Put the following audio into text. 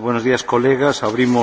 buenos días, colegas. Abrimos.